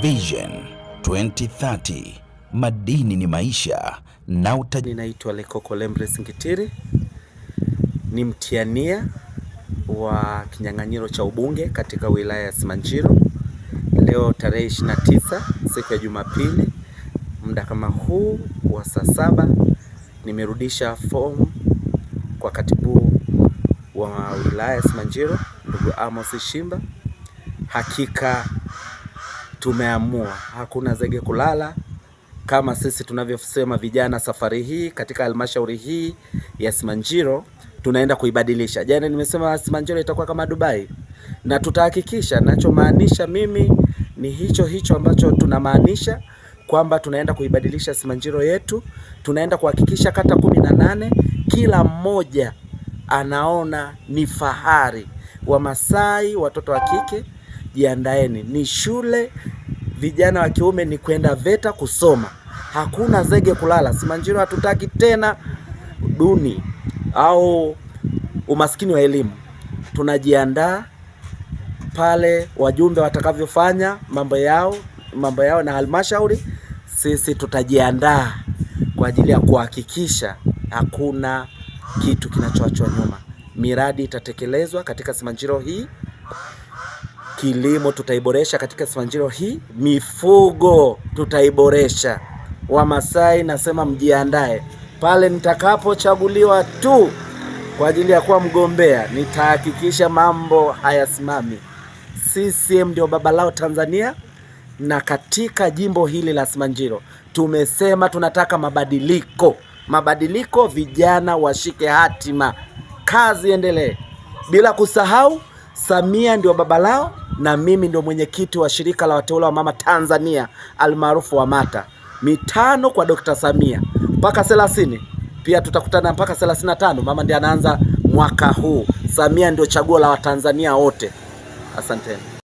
Vision 2030 madini ni maisha na uta... Ninaitwa Lekoko Lembres Ngitiri, ni mtiania wa kinyang'anyiro cha ubunge katika wilaya ya Simanjiro. Leo tarehe 29 siku ya Jumapili, muda kama huu wa saa saba, nimerudisha fomu kwa katibu wa wilaya ya Simanjiro ndugu Amos Shimba. Hakika tumeamua hakuna zege kulala, kama sisi tunavyosema vijana. Safari hii katika halmashauri hii ya Simanjiro tunaenda kuibadilisha. Jana nimesema Simanjiro itakuwa kama Dubai, na tutahakikisha, nachomaanisha mimi ni hicho hicho ambacho tunamaanisha kwamba tunaenda kuibadilisha Simanjiro yetu. Tunaenda kuhakikisha kata kumi na nane kila mmoja anaona ni fahari, Wamasai, watoto wa kike jiandaeni, ni shule vijana wa kiume ni kwenda VETA kusoma, hakuna zege kulala. Simanjiro hatutaki tena duni au umaskini wa elimu. Tunajiandaa pale wajumbe watakavyofanya mambo yao mambo yao na halmashauri, sisi tutajiandaa kwa ajili ya kuhakikisha hakuna kitu kinachoachwa nyuma. Miradi itatekelezwa katika Simanjiro hii. Kilimo tutaiboresha katika simanjiro hii, mifugo tutaiboresha. Wamasai nasema mjiandae, pale nitakapochaguliwa tu kwa ajili ya kuwa mgombea, nitahakikisha mambo hayasimami. CCM ndio baba lao Tanzania, na katika jimbo hili la Simanjiro tumesema tunataka mabadiliko. Mabadiliko, vijana washike hatima, kazi endelee, bila kusahau Samia ndio baba lao na mimi ndio mwenyekiti wa shirika la wateule wa mama Tanzania almaarufu WAMATA. Mitano kwa Dr. Samia mpaka thelathini. Pia tutakutana mpaka thelathini na tano. Mama ndiye anaanza mwaka huu. Samia ndio chaguo la Watanzania wote. Asanteni.